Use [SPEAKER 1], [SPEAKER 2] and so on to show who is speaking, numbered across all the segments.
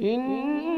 [SPEAKER 1] إن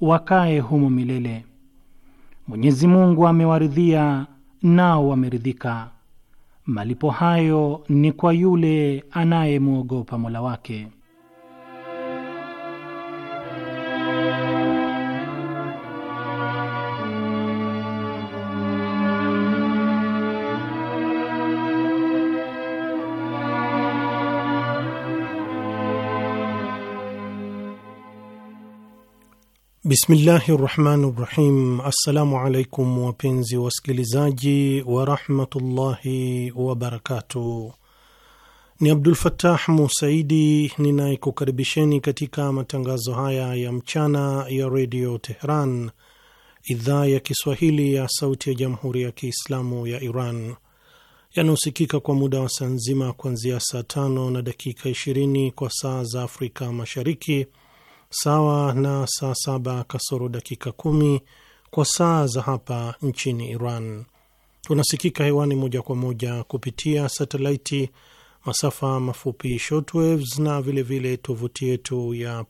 [SPEAKER 2] wakae humo milele. Mwenyezi Mungu amewaridhia nao wameridhika. Malipo hayo ni kwa yule anayemwogopa Mola wake. Bismillahi rahmani rahim Assalamu alaikum wapenzi wasikilizaji warahmatullahi wabarakatuh. Ni Abdul Fattah Musaidi ninayekukaribisheni katika matangazo haya ya mchana ya redio Tehran, idhaa ya Kiswahili ya sauti ya jamhuri ya Kiislamu ya Iran, yanayosikika kwa muda wa saa nzima kuanzia saa tano na dakika 20 kwa saa za Afrika Mashariki, sawa na saa saba kasoro dakika kumi kwa saa za hapa nchini Iran. Tunasikika hewani moja kwa moja kupitia satelaiti, masafa mafupi shortwaves na vilevile tovuti yetu ya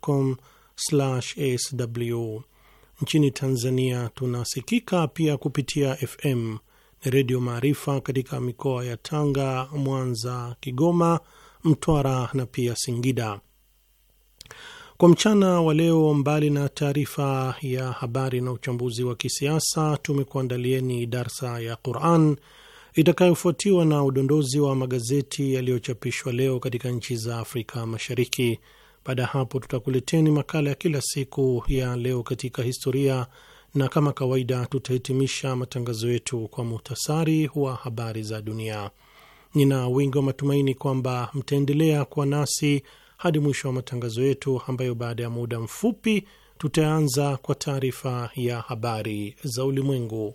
[SPEAKER 2] com sw Nchini Tanzania tunasikika pia kupitia FM ni Redio Maarifa katika mikoa ya Tanga, Mwanza, Kigoma, Mtwara na pia Singida. Kwa mchana wa leo, mbali na taarifa ya habari na uchambuzi wa kisiasa, tumekuandalieni darsa ya Quran itakayofuatiwa na udondozi wa magazeti yaliyochapishwa leo katika nchi za Afrika Mashariki. Baada ya hapo, tutakuleteni makala ya kila siku ya leo katika historia, na kama kawaida tutahitimisha matangazo yetu kwa muhtasari wa habari za dunia. Nina wingi wa matumaini kwamba mtaendelea kuwa nasi hadi mwisho wa matangazo yetu, ambayo baada ya muda mfupi tutaanza kwa taarifa ya habari za ulimwengu.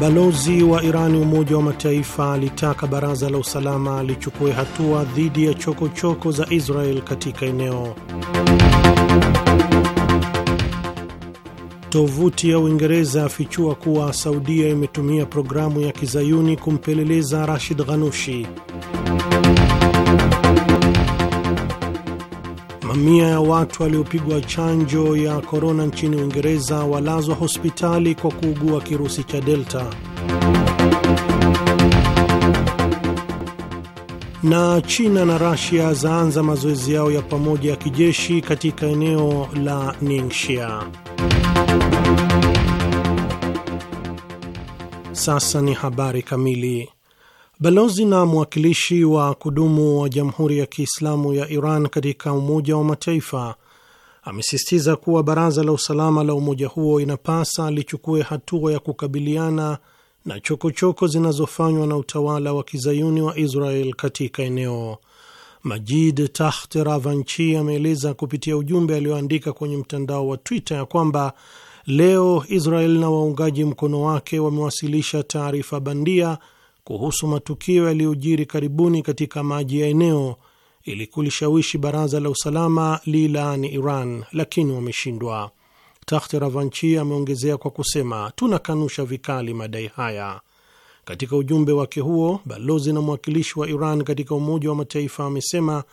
[SPEAKER 2] Balozi wa Irani Umoja wa Mataifa alitaka baraza la usalama lichukue hatua dhidi ya chokochoko choko za Israel katika eneo. Tovuti ya Uingereza afichua kuwa Saudia imetumia programu ya kizayuni kumpeleleza Rashid Ghanushi. Mamia ya watu waliopigwa chanjo ya korona nchini Uingereza walazwa hospitali kwa kuugua kirusi cha Delta. Na China na Rasia zaanza mazoezi yao ya pamoja ya kijeshi katika eneo la Ningxia. Sasa ni habari kamili. Balozi na mwakilishi wa kudumu wa Jamhuri ya Kiislamu ya Iran katika Umoja wa Mataifa amesisitiza kuwa Baraza la Usalama la umoja huo inapasa lichukue hatua ya kukabiliana na chokochoko zinazofanywa na utawala wa kizayuni wa Israel katika eneo. Majid Taht Ravanchi ameeleza kupitia ujumbe aliyoandika kwenye mtandao wa Twitter ya kwamba leo Israel na waungaji mkono wake wamewasilisha taarifa bandia kuhusu matukio yaliyojiri karibuni katika maji ya eneo ili kulishawishi baraza la usalama lilaani Iran, lakini wameshindwa. Tahte Ravanchi ameongezea kwa kusema, tunakanusha vikali madai haya. Katika ujumbe wake huo, balozi na mwakilishi wa Iran katika Umoja wa Mataifa amesema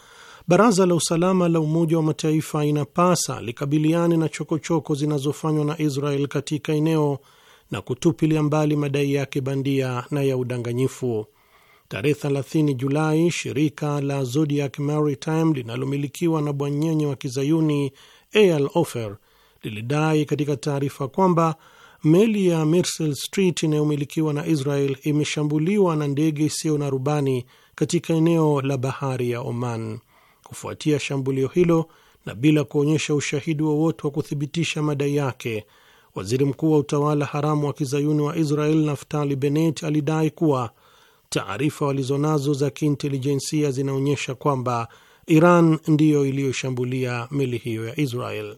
[SPEAKER 2] baraza la usalama la Umoja wa Mataifa inapasa likabiliane na chokochoko zinazofanywa na Israel katika eneo na kutupilia mbali madai yake bandia na ya udanganyifu. Tarehe 30 Julai, shirika la Zodiac Maritime linalomilikiwa na bwanyenye wa kizayuni Eyal Ofer lilidai katika taarifa kwamba meli ya Mersel Street inayomilikiwa na Israel imeshambuliwa na ndege isiyo na rubani katika eneo la bahari ya Oman. Kufuatia shambulio hilo na bila kuonyesha ushahidi wowote wa, wa kuthibitisha madai yake Waziri mkuu wa utawala haramu wa kizayuni wa Israel Naftali Bennett alidai kuwa taarifa walizonazo za kiintelijensia zinaonyesha kwamba Iran ndiyo iliyoshambulia meli hiyo ya Israel.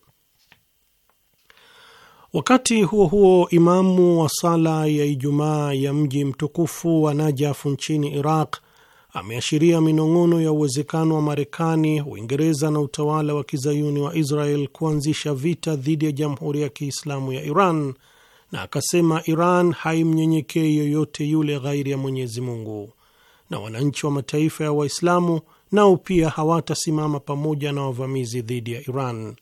[SPEAKER 2] Wakati huo huo, imamu wa sala ya Ijumaa ya mji mtukufu wa Najafu nchini Iraq ameashiria minong'ono ya uwezekano wa Marekani, Uingereza na utawala wa kizayuni wa Israel kuanzisha vita dhidi ya Jamhuri ya Kiislamu ya Iran na akasema Iran haimnyenyekei yoyote yule ghairi ya Mwenyezi Mungu, na wananchi wa mataifa ya Waislamu nao pia hawatasimama pamoja na wavamizi dhidi ya Iran.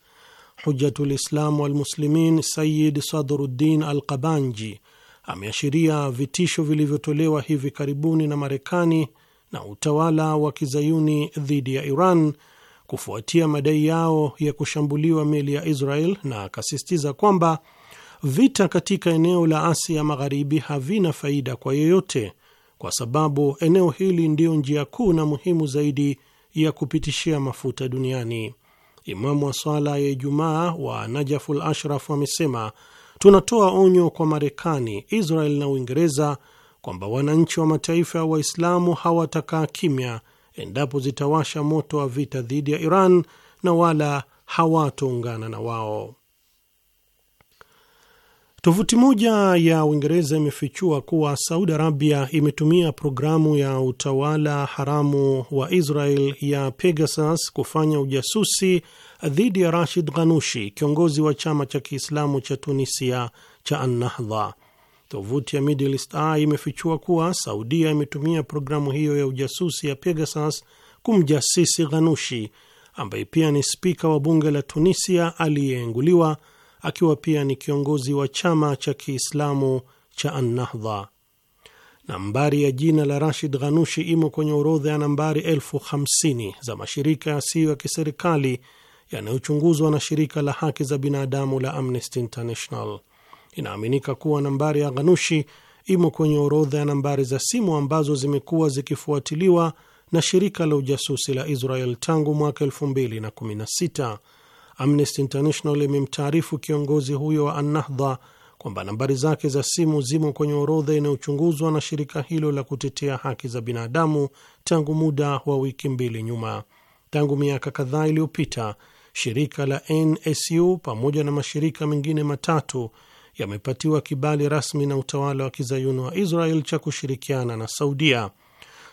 [SPEAKER 2] Hujatul Islam Walmuslimin Sayid Sadruddin Al Qabanji ameashiria vitisho vilivyotolewa hivi karibuni na Marekani na utawala wa kizayuni dhidi ya Iran kufuatia madai yao ya kushambuliwa meli ya Israel, na akasisitiza kwamba vita katika eneo la Asia Magharibi havina faida kwa yoyote kwa sababu eneo hili ndiyo njia kuu na muhimu zaidi ya kupitishia mafuta duniani. Imamu wa swala ya Ijumaa wa Najaful Ashraf amesema tunatoa onyo kwa Marekani, Israel na Uingereza kwamba wananchi wa mataifa ya wa Waislamu hawatakaa kimya endapo zitawasha moto wa vita dhidi ya Iran na wala hawatoungana na wao. Tovuti moja ya Uingereza imefichua kuwa Saudi Arabia imetumia programu ya utawala haramu wa Israel ya Pegasus kufanya ujasusi dhidi ya Rashid Ghanushi, kiongozi wa chama cha Kiislamu cha Tunisia cha Annahdha. Tovuti ya Middle East Eye imefichua kuwa Saudia imetumia programu hiyo ya ujasusi ya Pegasus kumjasisi Ghanushi ambaye pia ni spika wa bunge la Tunisia aliyeenguliwa akiwa pia ni kiongozi wa chama cha Kiislamu cha Annahdha. Nambari ya jina la Rashid Ghanushi imo kwenye orodha ya nambari elfu hamsini za mashirika yasiyo ya kiserikali yanayochunguzwa na shirika la haki za binadamu la Amnesty International inaaminika kuwa nambari ya ghanushi imo kwenye orodha ya nambari za simu ambazo zimekuwa zikifuatiliwa na shirika la ujasusi la Israel tangu mwaka 2016. Amnesty International imemtaarifu kiongozi huyo wa Annahdha kwamba nambari zake za simu zimo kwenye orodha inayochunguzwa na shirika hilo la kutetea haki za binadamu tangu muda wa wiki mbili nyuma. Tangu miaka kadhaa iliyopita, shirika la NSU pamoja na mashirika mengine matatu yamepatiwa kibali rasmi na utawala wa kizayuni wa Israel cha kushirikiana na Saudia.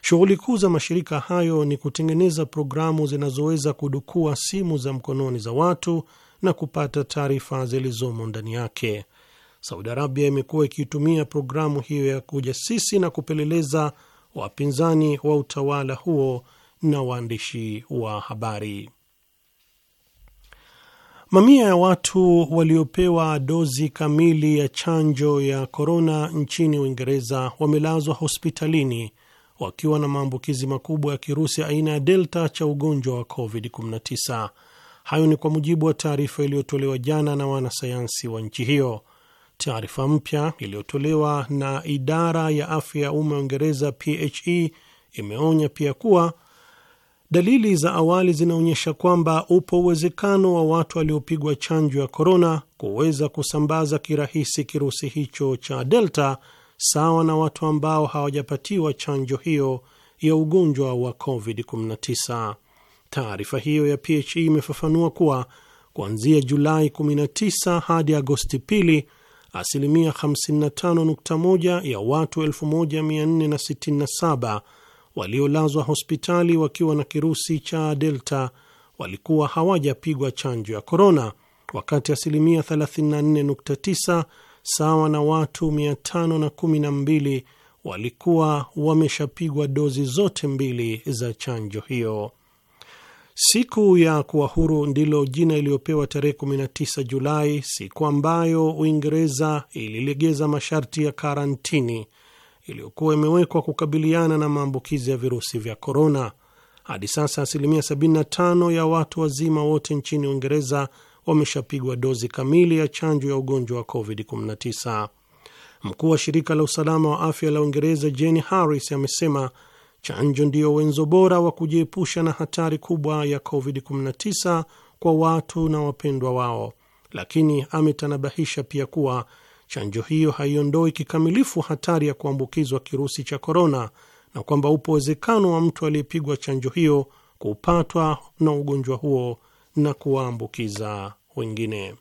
[SPEAKER 2] Shughuli kuu za mashirika hayo ni kutengeneza programu zinazoweza kudukua simu za mkononi za watu na kupata taarifa zilizomo ndani yake. Saudi Arabia imekuwa ikiitumia programu hiyo ya kujasisi na kupeleleza wapinzani wa utawala huo na waandishi wa habari. Mamia ya watu waliopewa dozi kamili ya chanjo ya korona nchini Uingereza wamelazwa hospitalini wakiwa na maambukizi makubwa ya kirusi aina ya delta cha ugonjwa wa COVID-19. Hayo ni kwa mujibu wa taarifa iliyotolewa jana na wanasayansi wa nchi hiyo. Taarifa mpya iliyotolewa na idara ya afya ya umma ya Uingereza, PHE, imeonya pia kuwa Dalili za awali zinaonyesha kwamba upo uwezekano wa watu waliopigwa chanjo ya korona kuweza kusambaza kirahisi kirusi hicho cha Delta sawa na watu ambao hawajapatiwa chanjo hiyo ya ugonjwa wa COVID-19. Taarifa hiyo ya PHE imefafanua kuwa kuanzia Julai 19 hadi Agosti 2, asilimia 55.1 ya watu 1467 waliolazwa hospitali wakiwa na kirusi cha Delta walikuwa hawajapigwa chanjo ya korona, wakati asilimia 34.9 sawa na watu 512 walikuwa wameshapigwa dozi zote mbili za chanjo hiyo. Siku ya kuwa huru ndilo jina iliyopewa tarehe 19 Julai, siku ambayo Uingereza ililegeza masharti ya karantini iliyokuwa imewekwa kukabiliana na maambukizi ya virusi vya korona. Hadi sasa asilimia 75 ya watu wazima wote nchini Uingereza wameshapigwa dozi kamili ya chanjo ya ugonjwa wa COVID-19. Mkuu wa shirika la usalama wa afya la Uingereza Jenny Harris amesema chanjo ndiyo wenzo bora wa kujiepusha na hatari kubwa ya COVID-19 kwa watu na wapendwa wao, lakini ametanabahisha pia kuwa chanjo hiyo haiondoi kikamilifu hatari ya kuambukizwa kirusi cha korona na kwamba upo uwezekano wa mtu aliyepigwa chanjo hiyo kupatwa na ugonjwa huo na kuwaambukiza wengine.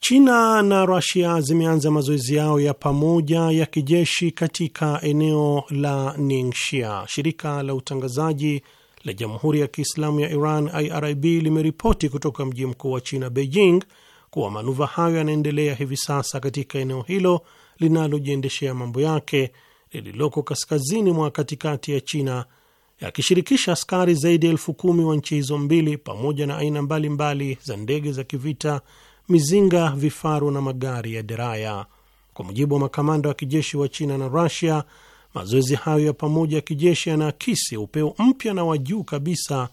[SPEAKER 2] China na Rusia zimeanza mazoezi yao ya pamoja ya kijeshi katika eneo la Ningxia. Shirika la utangazaji la Jamhuri ya Kiislamu ya Iran, IRIB, limeripoti kutoka mji mkuu wa China, Beijing, kuwa manuva hayo yanaendelea hivi sasa katika eneo hilo linalojiendeshea mambo yake lililoko kaskazini mwa katikati ya China yakishirikisha askari zaidi ya elfu kumi wa nchi hizo mbili pamoja na aina mbalimbali za ndege za kivita, mizinga, vifaru na magari ya deraya. Kwa mujibu wa makamanda wa kijeshi wa China na Rusia, mazoezi hayo ya pamoja ya kijeshi yanaakisi upeo mpya na wa juu kabisa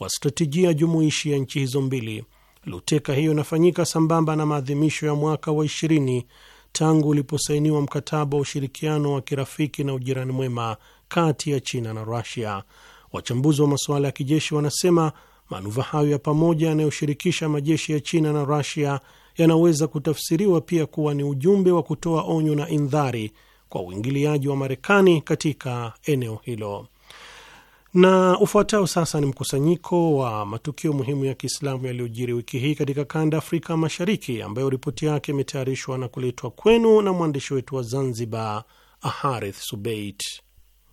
[SPEAKER 2] wa stratejia jumuishi ya nchi hizo mbili Luteka hiyo inafanyika sambamba na maadhimisho ya mwaka wa ishirini tangu uliposainiwa mkataba wa ushirikiano wa kirafiki na ujirani mwema kati ya China na Rusia. Wachambuzi wa masuala ya kijeshi wanasema manuva hayo ya pamoja yanayoshirikisha majeshi ya China na Rusia yanaweza kutafsiriwa pia kuwa ni ujumbe wa kutoa onyo na indhari kwa uingiliaji wa Marekani katika eneo hilo. Na ufuatao sasa ni mkusanyiko wa matukio muhimu ya Kiislamu yaliyojiri wiki hii katika kanda Afrika Mashariki, ambayo ripoti yake imetayarishwa na kuletwa kwenu na mwandishi wetu wa Zanzibar, Aharith Subeit.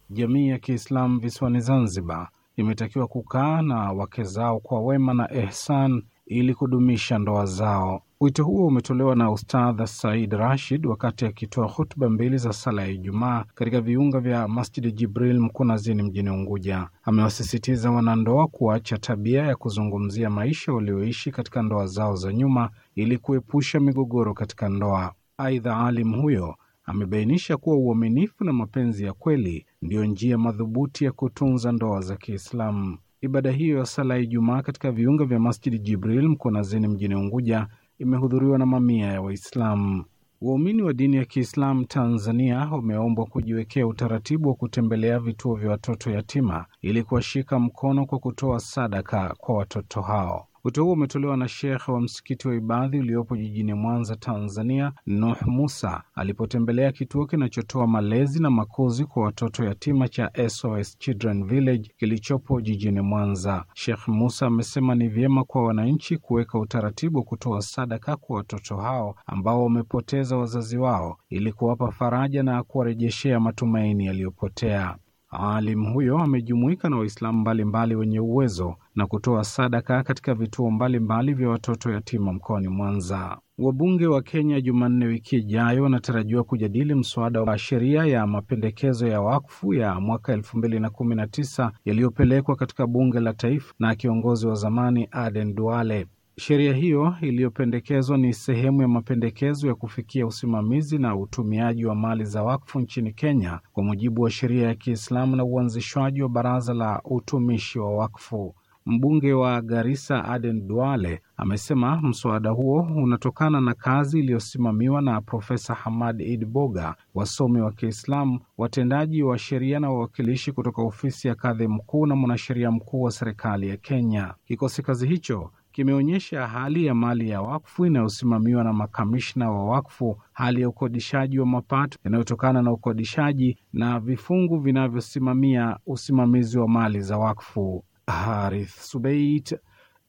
[SPEAKER 2] Jamii ya Kiislamu visiwani Zanzibar imetakiwa kukaa
[SPEAKER 3] na wake zao kwa wema na ehsan ili kudumisha ndoa zao. Wito huo umetolewa na Ustadh Said Rashid wakati akitoa hutuba mbili za sala ya Ijumaa katika viunga vya Masjid Jibril Mkunazini mjini Unguja. Amewasisitiza wanandoa kuacha tabia ya kuzungumzia maisha walioishi katika ndoa zao za nyuma ili kuepusha migogoro katika ndoa. Aidha, alim huyo amebainisha kuwa uaminifu na mapenzi ya kweli ndiyo njia madhubuti ya kutunza ndoa za Kiislamu. Ibada hiyo ya sala ya Ijumaa katika viunga vya Masjid Jibril Mkunazini mjini Unguja imehudhuriwa na mamia ya Waislamu. Waumini wa dini ya Kiislamu Tanzania wameombwa kujiwekea utaratibu wa kutembelea vituo vya watoto yatima ili kuwashika mkono kwa kutoa sadaka kwa watoto hao. Wito huo umetolewa na Sheikh wa msikiti wa Ibadhi uliopo jijini Mwanza, Tanzania, Nuh Musa alipotembelea kituo kinachotoa malezi na makuzi kwa watoto yatima cha SOS Children Village kilichopo jijini Mwanza. Sheikh Musa amesema ni vyema kwa wananchi kuweka utaratibu wa kutoa sadaka kwa watoto hao ambao wamepoteza wazazi wao ili kuwapa faraja na kuwarejeshea matumaini yaliyopotea. Alim huyo amejumuika na Waislamu mbalimbali wenye uwezo na kutoa sadaka katika vituo mbalimbali vya watoto yatima mkoani Mwanza. Wabunge wa Kenya Jumanne wiki ijayo wanatarajiwa kujadili mswada wa sheria ya mapendekezo ya wakfu ya mwaka elfu mbili na kumi na tisa yaliyopelekwa katika bunge la taifa na kiongozi wa zamani Aden Duale. Sheria hiyo iliyopendekezwa ni sehemu ya mapendekezo ya kufikia usimamizi na utumiaji wa mali za wakfu nchini Kenya kwa mujibu wa sheria ya Kiislamu na uanzishwaji wa Baraza la Utumishi wa Wakfu. Mbunge wa Garissa Aden Duale amesema mswada huo unatokana na kazi iliyosimamiwa na Profesa Hamad Id Boga, wasomi wa Kiislamu, watendaji wa sheria na wawakilishi kutoka ofisi ya kadhi mkuu na mwanasheria mkuu wa serikali ya Kenya. Kikosi kazi hicho kimeonyesha hali ya mali ya wakfu inayosimamiwa na makamishna wa wakfu, hali ya ukodishaji wa mapato yanayotokana na ukodishaji na vifungu vinavyosimamia usimamizi wa mali za wakfu. Harith Subeit,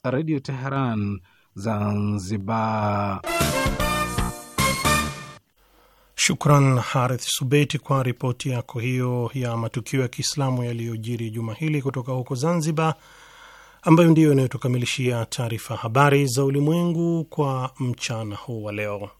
[SPEAKER 3] Radio Teheran, Zanzibar.
[SPEAKER 2] Shukran Harith Subeti kwa ripoti yako hiyo ya matukio ya Kiislamu yaliyojiri juma hili kutoka huko Zanzibar ambayo ndiyo inayotukamilishia taarifa habari za ulimwengu kwa mchana huu wa leo.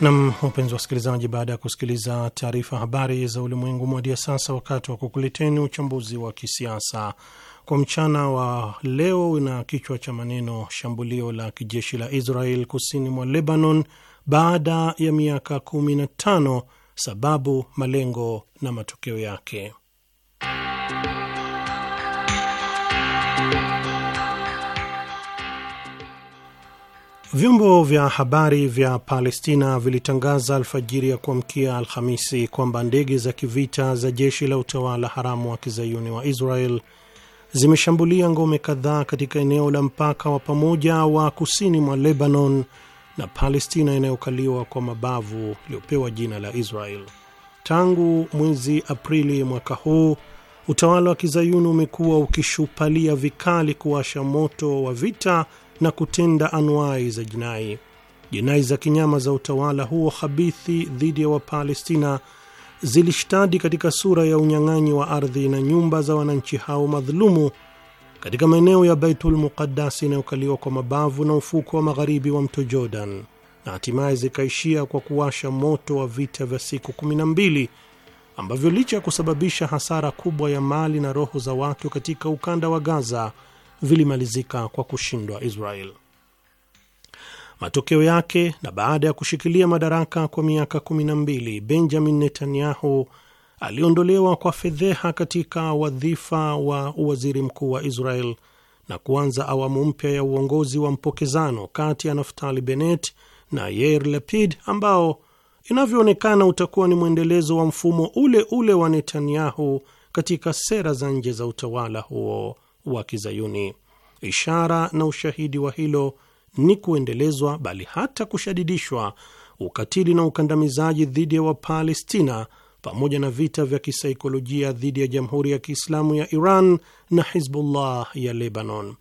[SPEAKER 2] Nam, wapenzi wasikilizaji, baada ya kusikiliza taarifa habari za ulimwengu, mwadia sasa wakati wa kukuleteni uchambuzi wa kisiasa kwa mchana wa leo, na kichwa cha maneno shambulio la kijeshi la Israel kusini mwa Lebanon baada ya miaka 15, sababu, malengo na matokeo yake. Vyombo vya habari vya Palestina vilitangaza alfajiri ya kuamkia Alhamisi kwamba ndege za kivita za jeshi la utawala haramu wa kizayuni wa Israel zimeshambulia ngome kadhaa katika eneo la mpaka wa pamoja wa kusini mwa Lebanon na Palestina inayokaliwa kwa mabavu iliyopewa jina la Israel. Tangu mwezi Aprili mwaka huu utawala wa kizayuni umekuwa ukishupalia vikali kuwasha moto wa vita na kutenda anuai za jinai. Jinai za kinyama za utawala huo habithi dhidi ya Wapalestina zilishtadi katika sura ya unyang'anyi wa ardhi na nyumba za wananchi hao madhulumu katika maeneo ya Baitul muqaddas inayokaliwa kwa mabavu na ufuko wa magharibi wa mto Jordan na hatimaye zikaishia kwa kuwasha moto wa vita vya siku 12 ambavyo licha ya kusababisha hasara kubwa ya mali na roho za watu katika ukanda wa Gaza vilimalizika kwa kushindwa Israel. Matokeo yake, na baada ya kushikilia madaraka kwa miaka 12, Benjamin Netanyahu aliondolewa kwa fedheha katika wadhifa wa waziri mkuu wa Israel na kuanza awamu mpya ya uongozi wa mpokezano kati ya Naftali Bennett na Yair Lapid ambao inavyoonekana utakuwa ni mwendelezo wa mfumo ule ule wa Netanyahu katika sera za nje za utawala huo wa Kizayuni. Ishara na ushahidi wa hilo ni kuendelezwa bali hata kushadidishwa ukatili na ukandamizaji dhidi ya Wapalestina pamoja na vita vya kisaikolojia dhidi ya Jamhuri ya Kiislamu ya Iran na Hizbullah ya Lebanon.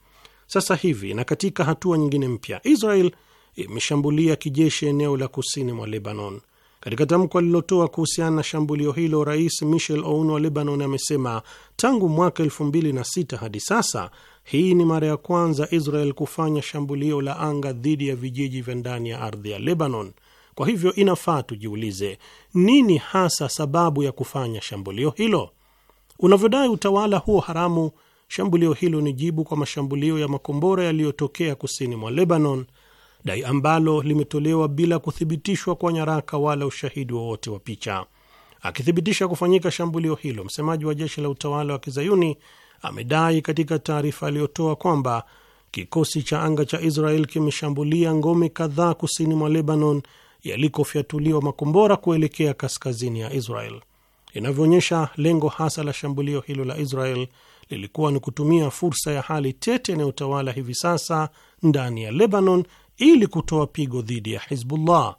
[SPEAKER 2] Sasa hivi na katika hatua nyingine mpya, Israel imeshambulia kijeshi eneo la kusini mwa Lebanon. Katika tamko alilotoa kuhusiana na shambulio hilo, Rais Michel Aoun wa Lebanon amesema tangu mwaka 2006 hadi sasa hii ni mara ya kwanza Israel kufanya shambulio la anga dhidi ya vijiji vya ndani ya ardhi ya Lebanon. Kwa hivyo inafaa tujiulize, nini hasa sababu ya kufanya shambulio hilo? Unavyodai utawala huo haramu, shambulio hilo ni jibu kwa mashambulio ya makombora yaliyotokea kusini mwa Lebanon, dai ambalo limetolewa bila kuthibitishwa kwa nyaraka wala ushahidi wowote wa, wa picha. Akithibitisha kufanyika shambulio hilo, msemaji wa jeshi la utawala wa kizayuni amedai katika taarifa aliyotoa kwamba kikosi cha anga cha Israel kimeshambulia ngome kadhaa kusini mwa Lebanon yalikofyatuliwa makombora kuelekea kaskazini ya Israel. Inavyoonyesha, lengo hasa la shambulio hilo la Israel lilikuwa ni kutumia fursa ya hali tete inayotawala hivi sasa ndani ya Lebanon ili kutoa pigo dhidi ya Hizbullah.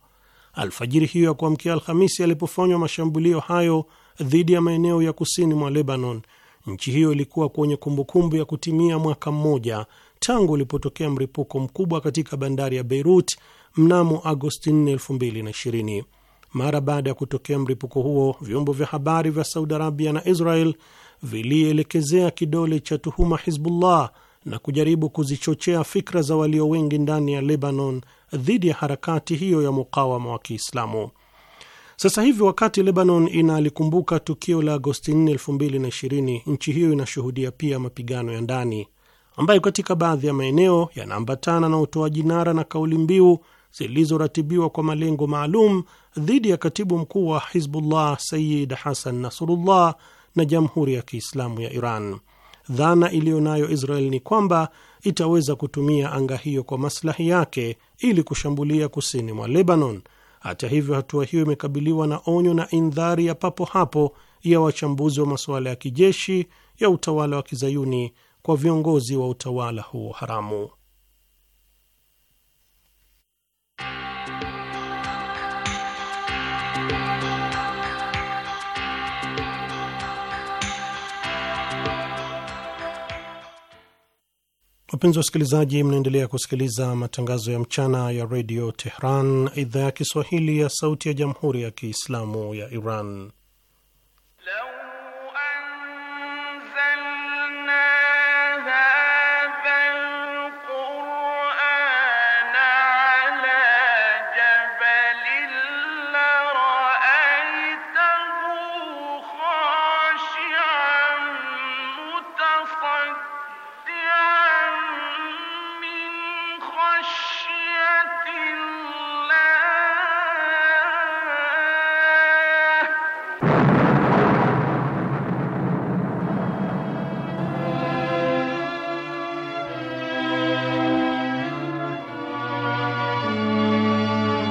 [SPEAKER 2] Alfajiri hiyo ya kuamkia Alhamisi yalipofanywa mashambulio hayo dhidi ya maeneo ya kusini mwa Lebanon, nchi hiyo ilikuwa kwenye kumbukumbu ya kutimia mwaka mmoja tangu ulipotokea mlipuko mkubwa katika bandari ya Beirut mnamo Agosti 4, 2020. Mara baada ya kutokea mlipuko huo, vyombo vya habari vya Saudi Arabia na Israel vilielekezea kidole cha tuhuma Hizbullah na kujaribu kuzichochea fikra za walio wengi ndani ya Lebanon dhidi ya harakati hiyo ya mukawama wa Kiislamu. Sasa hivi wakati Lebanon inalikumbuka tukio la Agosti 4, 2020, nchi hiyo inashuhudia pia mapigano ya ndani ambayo katika baadhi ya maeneo yanaambatana na utoaji nara na kauli mbiu zilizoratibiwa kwa malengo maalum dhidi ya katibu mkuu wa Hizbullah Sayid Hasan Nasrullah na Jamhuri ya Kiislamu ya Iran. Dhana iliyo nayo Israel ni kwamba itaweza kutumia anga hiyo kwa maslahi yake ili kushambulia kusini mwa Lebanon. Hata hivyo, hatua hiyo imekabiliwa na onyo na indhari ya papo hapo ya wachambuzi wa masuala ya kijeshi ya utawala wa kizayuni kwa viongozi wa utawala huo haramu. Wapenzi wa wasikilizaji, mnaendelea kusikiliza matangazo ya mchana ya redio Tehran, idhaa ya Kiswahili ya sauti ya jamhuri ya kiislamu ya Iran.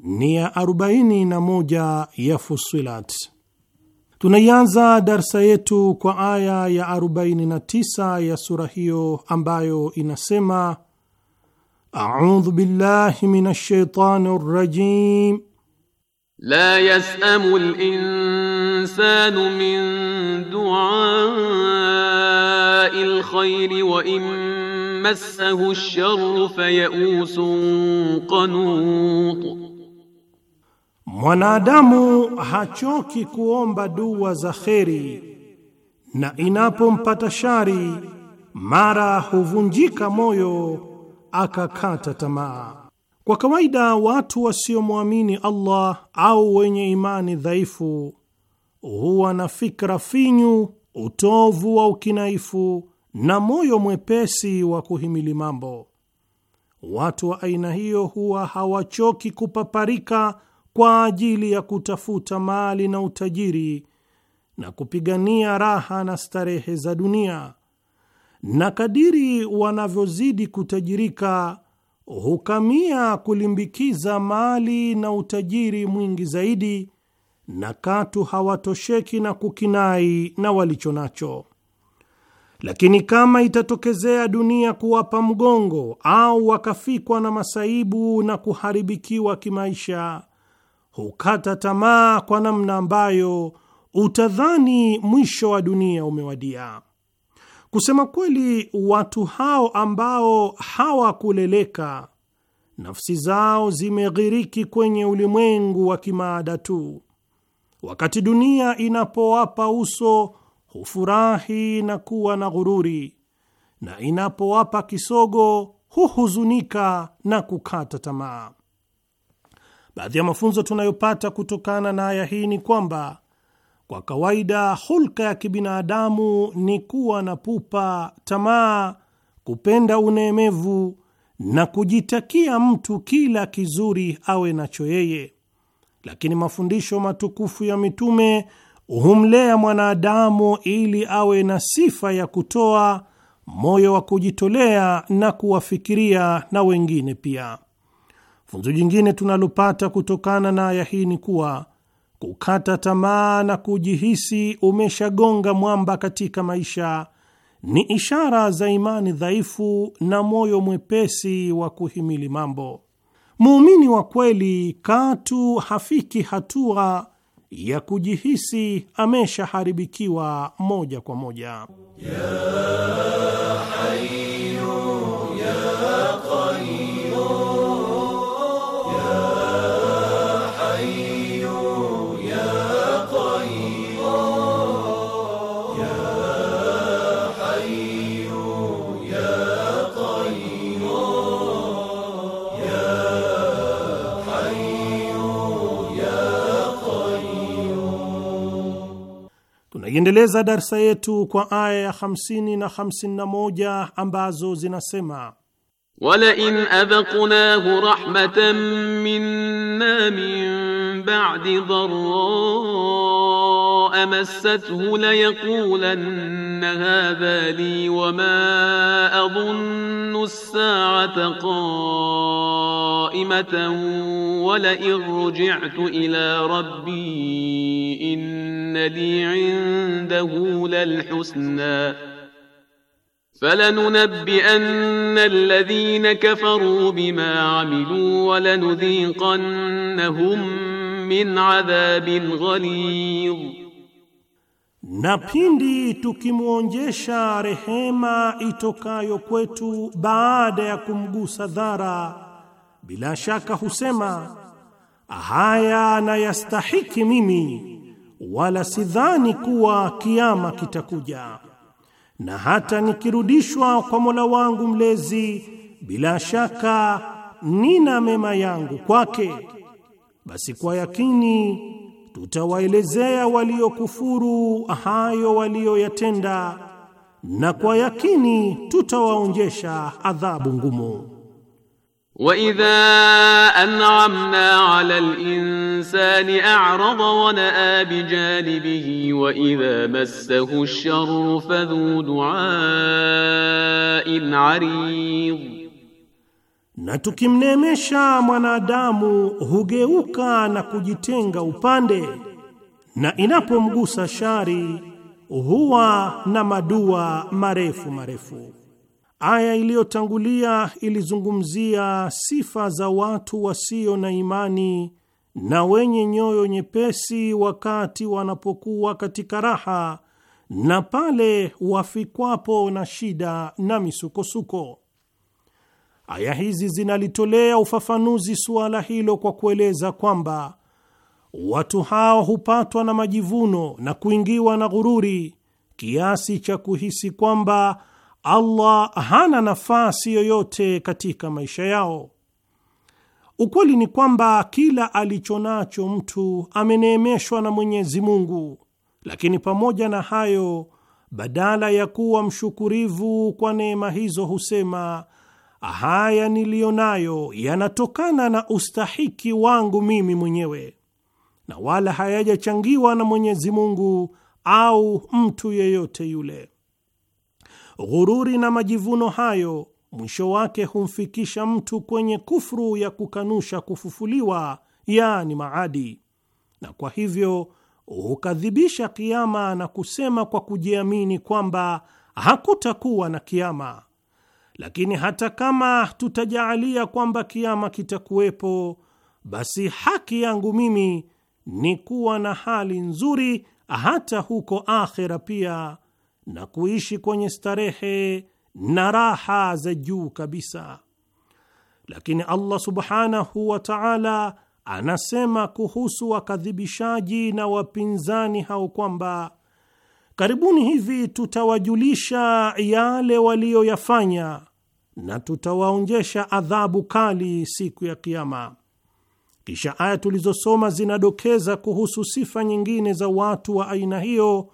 [SPEAKER 2] ni ya 41 ya Fusilat. Tunaianza darsa yetu kwa aya ya arobaini na tisa ya sura hiyo ambayo inasema: audhu billahi minash shaitani rrajim la yasamu linsanu min
[SPEAKER 4] duai lkhairi wa in massahu lsharu fayausun qanut
[SPEAKER 2] Mwanadamu hachoki kuomba dua za kheri, na inapompata shari mara huvunjika moyo akakata tamaa. Kwa kawaida watu wasiomwamini Allah au wenye imani dhaifu huwa na fikra finyu, utovu wa ukinaifu na moyo mwepesi wa kuhimili mambo. Watu wa aina hiyo huwa hawachoki kupaparika kwa ajili ya kutafuta mali na utajiri na kupigania raha na starehe za dunia, na kadiri wanavyozidi kutajirika hukamia kulimbikiza mali na utajiri mwingi zaidi, na katu hawatosheki na kukinai na walicho nacho. Lakini kama itatokezea dunia kuwapa mgongo au wakafikwa na masaibu na kuharibikiwa kimaisha hukata tamaa kwa namna ambayo utadhani mwisho wa dunia umewadia. Kusema kweli, watu hao ambao hawakuleleka, nafsi zao zimeghiriki kwenye ulimwengu wa kimaada tu. Wakati dunia inapowapa uso hufurahi na kuwa na ghururi, na inapowapa kisogo huhuzunika na kukata tamaa. Baadhi ya mafunzo tunayopata kutokana na aya hii ni kwamba kwa kawaida hulka ya kibinadamu ni kuwa na pupa, tamaa, kupenda uneemevu na kujitakia mtu kila kizuri awe nacho yeye, lakini mafundisho matukufu ya mitume humlea mwanadamu ili awe na sifa ya kutoa, moyo wa kujitolea na kuwafikiria na wengine pia. Funzo jingine tunalopata kutokana na aya hii ni kuwa kukata tamaa na kujihisi umeshagonga mwamba katika maisha ni ishara za imani dhaifu na moyo mwepesi wa kuhimili mambo. Muumini wa kweli katu hafiki hatua ya kujihisi ameshaharibikiwa moja kwa moja ya Tunaiendeleza darsa yetu kwa aya ya 50 na 51 ambazo zinasema
[SPEAKER 4] Wala in adhaqnahu rahmatan minna min ba'di dharra أمسته مسته ليقولن هذا لي وما أظن الساعة قائمة ولئن رجعت إلى ربي إن لي عنده للحسنى فلننبئن الذين كفروا بما عملوا ولنذيقنهم من عذاب غليظ
[SPEAKER 2] na pindi tukimwonjesha rehema itokayo kwetu baada ya kumgusa dhara, bila shaka husema haya nayastahiki mimi, wala sidhani kuwa kiama kitakuja, na hata nikirudishwa kwa Mola wangu mlezi, bila shaka nina mema yangu kwake, basi kwa yakini tutawaelezea waliokufuru hayo waliyoyatenda, na kwa yakini tutawaonjesha adhabu ngumu.
[SPEAKER 4] wa idha an'amna 'ala al-insani a'rada wa na'a bi janibihi wa idha massahu ash-sharru fadhu
[SPEAKER 2] du'a'in 'arid na tukimneemesha mwanadamu hugeuka na kujitenga upande, na inapomgusa shari huwa na madua marefu marefu. Aya iliyotangulia ilizungumzia sifa za watu wasio na imani na wenye nyoyo nyepesi wakati wanapokuwa katika raha na pale wafikwapo na shida na misukosuko. Aya hizi zinalitolea ufafanuzi suala hilo kwa kueleza kwamba watu hao hupatwa na majivuno na kuingiwa na ghururi kiasi cha kuhisi kwamba Allah hana nafasi yoyote katika maisha yao. Ukweli ni kwamba kila alicho nacho mtu ameneemeshwa na Mwenyezi Mungu, lakini pamoja na hayo, badala ya kuwa mshukurivu kwa neema hizo husema haya niliyo nayo yanatokana na ustahiki wangu mimi mwenyewe na wala hayajachangiwa na Mwenyezi Mungu au mtu yeyote yule. Ghururi na majivuno hayo mwisho wake humfikisha mtu kwenye kufru ya kukanusha kufufuliwa, yani maadi, na kwa hivyo hukadhibisha kiama na kusema kwa kujiamini kwamba hakutakuwa na kiama lakini hata kama tutajaalia kwamba kiama kitakuwepo, basi haki yangu mimi ni kuwa na hali nzuri hata huko akhera pia, na kuishi kwenye starehe na raha za juu kabisa. Lakini Allah subhanahu wa ta'ala anasema kuhusu wakadhibishaji na wapinzani hao kwamba Karibuni hivi tutawajulisha yale waliyoyafanya na tutawaonjesha adhabu kali siku ya Kiama. Kisha aya tulizosoma zinadokeza kuhusu sifa nyingine za watu wa aina hiyo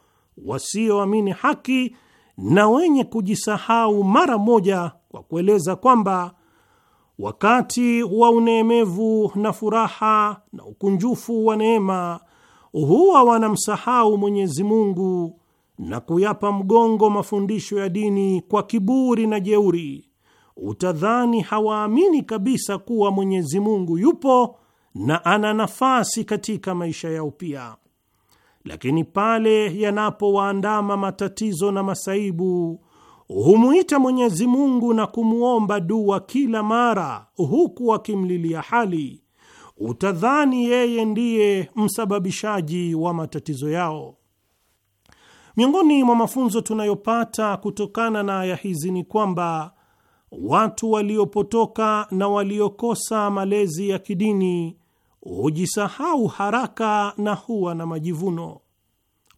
[SPEAKER 2] wasioamini haki na wenye kujisahau mara moja, kwa kueleza kwamba wakati wa uneemevu na furaha na ukunjufu wa neema huwa wanamsahau Mwenyezi Mungu na kuyapa mgongo mafundisho ya dini kwa kiburi na jeuri, utadhani hawaamini kabisa kuwa Mwenyezi Mungu yupo na ana nafasi katika maisha yao pia. Lakini pale yanapowaandama matatizo na masaibu, humwita Mwenyezi Mungu na kumwomba dua kila mara, huku wakimlilia hali, utadhani yeye ndiye msababishaji wa matatizo yao. Miongoni mwa mafunzo tunayopata kutokana na aya hizi ni kwamba watu waliopotoka na waliokosa malezi ya kidini hujisahau haraka na huwa na majivuno.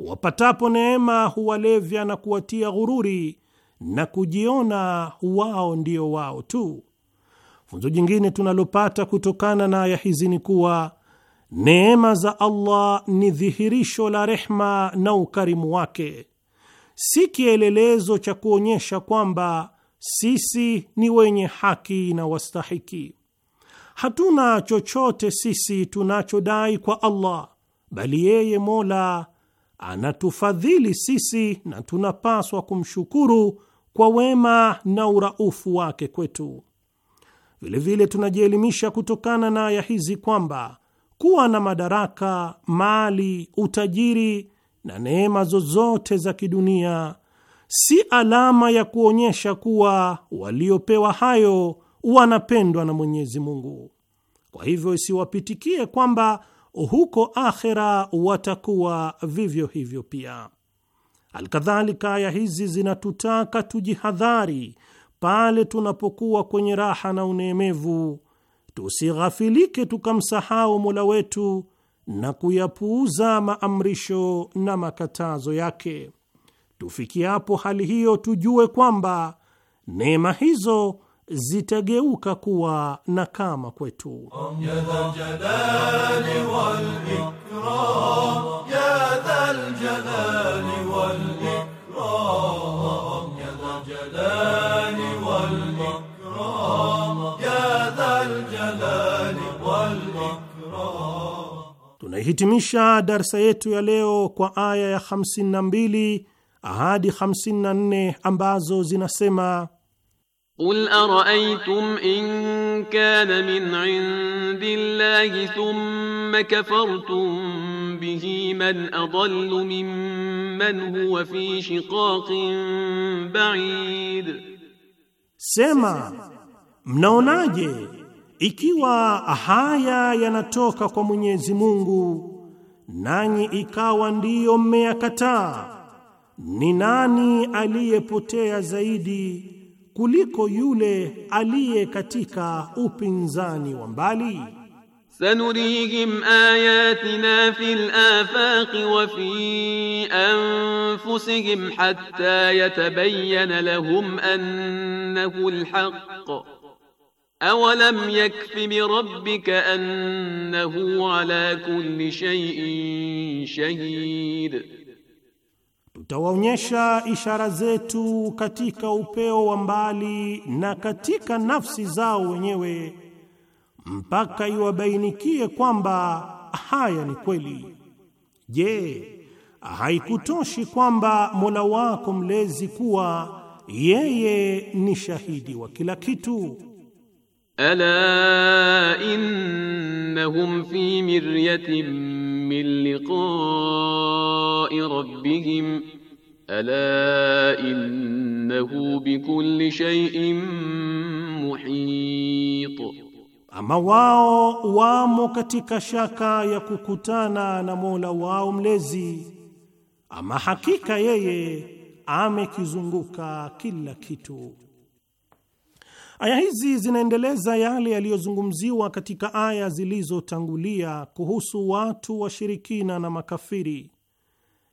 [SPEAKER 2] Wapatapo neema huwalevya na kuwatia ghururi na kujiona wao ndio wao tu. Funzo jingine tunalopata kutokana na aya hizi ni kuwa Neema za Allah ni dhihirisho la rehma na ukarimu wake, si kielelezo cha kuonyesha kwamba sisi ni wenye haki na wastahiki. Hatuna chochote sisi tunachodai kwa Allah, bali yeye Mola anatufadhili sisi na tunapaswa kumshukuru kwa wema na uraufu wake kwetu. Vilevile tunajielimisha kutokana na aya hizi kwamba kuwa na madaraka, mali, utajiri na neema zozote za kidunia si alama ya kuonyesha kuwa waliopewa hayo wanapendwa na Mwenyezi Mungu. Kwa hivyo isiwapitikie kwamba huko akhera watakuwa vivyo hivyo pia. Alkadhalika, aya hizi zinatutaka tujihadhari pale tunapokuwa kwenye raha na uneemevu tusighafilike tukamsahau Mola wetu na kuyapuuza maamrisho na makatazo yake. Tufikiapo hali hiyo, tujue kwamba neema hizo zitageuka kuwa na kama kwetu. Tunaihitimisha darsa yetu ya leo kwa aya ya 52 hadi 54 ambazo zinasema:
[SPEAKER 4] Qul ara'aytum in kana min 'indi Allahi thumma kafartum bihi man adallu mimman huwa fi shiqaqin ba'id,
[SPEAKER 2] Sema, mnaonaje ikiwa haya yanatoka kwa Mwenyezi Mungu nanyi ikawa ndiyo mmeyakataa, ni nani aliyepotea zaidi kuliko yule aliye katika upinzani wa mbali?
[SPEAKER 4] Sanurihim ayatina fil afaqi wa fi anfusihim hatta yatabayyana lahum annahu alhaq Awalam yakfi bi rabbika annahu ala kulli shay'in shahid,
[SPEAKER 2] tutawaonyesha ishara zetu katika upeo wa mbali na katika nafsi zao wenyewe mpaka iwabainikie kwamba haya ni kweli. Je, haikutoshi kwamba Mola wako mlezi kuwa yeye ni shahidi wa kila kitu? ala innahum
[SPEAKER 4] fi miryatin min liqa'i rabbihim ala innahu bikulli shay'in
[SPEAKER 2] muhit, ama wao wamo katika shaka ya kukutana na Mola wao mlezi, ama hakika yeye amekizunguka kila kitu. Aya hizi zinaendeleza yale yaliyozungumziwa katika aya zilizotangulia kuhusu watu washirikina na makafiri,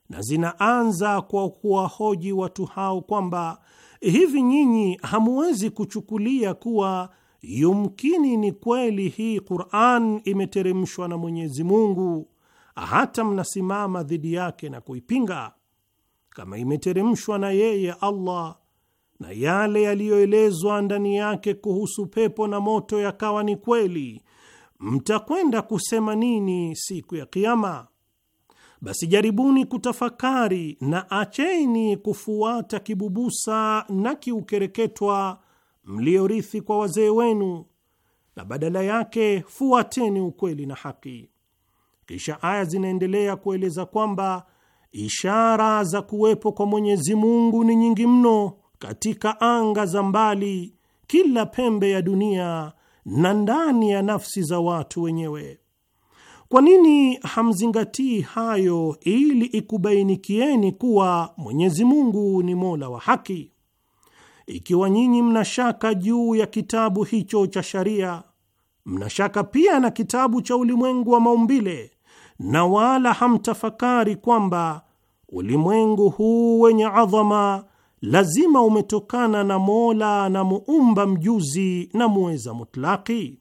[SPEAKER 2] na zinaanza kwa kuwahoji watu hao kwamba hivi nyinyi hamuwezi kuchukulia kuwa yumkini ni kweli hii Qur'an imeteremshwa na Mwenyezi Mungu, hata mnasimama dhidi yake na kuipinga? Kama imeteremshwa na yeye Allah na yale yaliyoelezwa ndani yake kuhusu pepo na moto yakawa ni kweli, mtakwenda kusema nini siku ya Kiama? Basi jaribuni kutafakari na acheni kufuata kibubusa na kiukereketwa mliorithi kwa wazee wenu, na badala yake fuateni ukweli na haki. Kisha aya zinaendelea kueleza kwamba ishara za kuwepo kwa Mwenyezi Mungu ni nyingi mno katika anga za mbali, kila pembe ya dunia na ndani ya nafsi za watu wenyewe. Kwa nini hamzingatii hayo ili ikubainikieni kuwa Mwenyezi Mungu ni Mola wa haki? Ikiwa nyinyi mnashaka juu ya kitabu hicho cha sharia, mnashaka pia na kitabu cha ulimwengu wa maumbile, na wala hamtafakari kwamba ulimwengu huu wenye adhama lazima umetokana na Mola na muumba mjuzi na muweza mutlaki.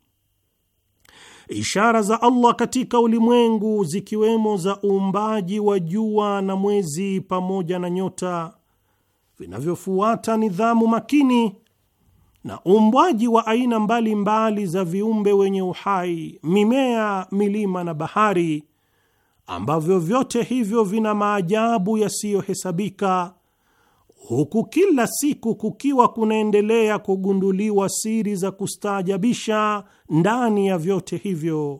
[SPEAKER 2] Ishara za Allah katika ulimwengu zikiwemo za uumbaji wa jua na mwezi pamoja na nyota vinavyofuata nidhamu makini na uumbwaji wa aina mbalimbali mbali za viumbe wenye uhai, mimea, milima na bahari, ambavyo vyote hivyo vina maajabu yasiyohesabika huku kila siku kukiwa kunaendelea kugunduliwa siri za kustaajabisha ndani ya vyote hivyo.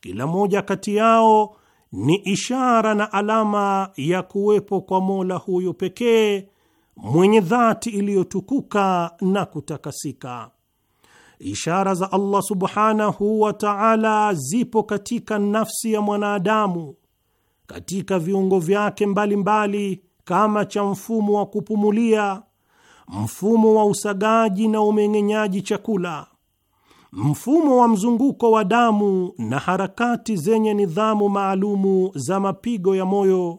[SPEAKER 2] Kila moja kati yao ni ishara na alama ya kuwepo kwa Mola huyo pekee mwenye dhati iliyotukuka na kutakasika. Ishara za Allah subhanahu wa ta'ala zipo katika nafsi ya mwanadamu, katika viungo vyake mbalimbali mbali, kama cha mfumo wa kupumulia, mfumo wa usagaji na umeng'enyaji chakula, mfumo wa mzunguko wa damu na harakati zenye nidhamu maalumu za mapigo ya moyo,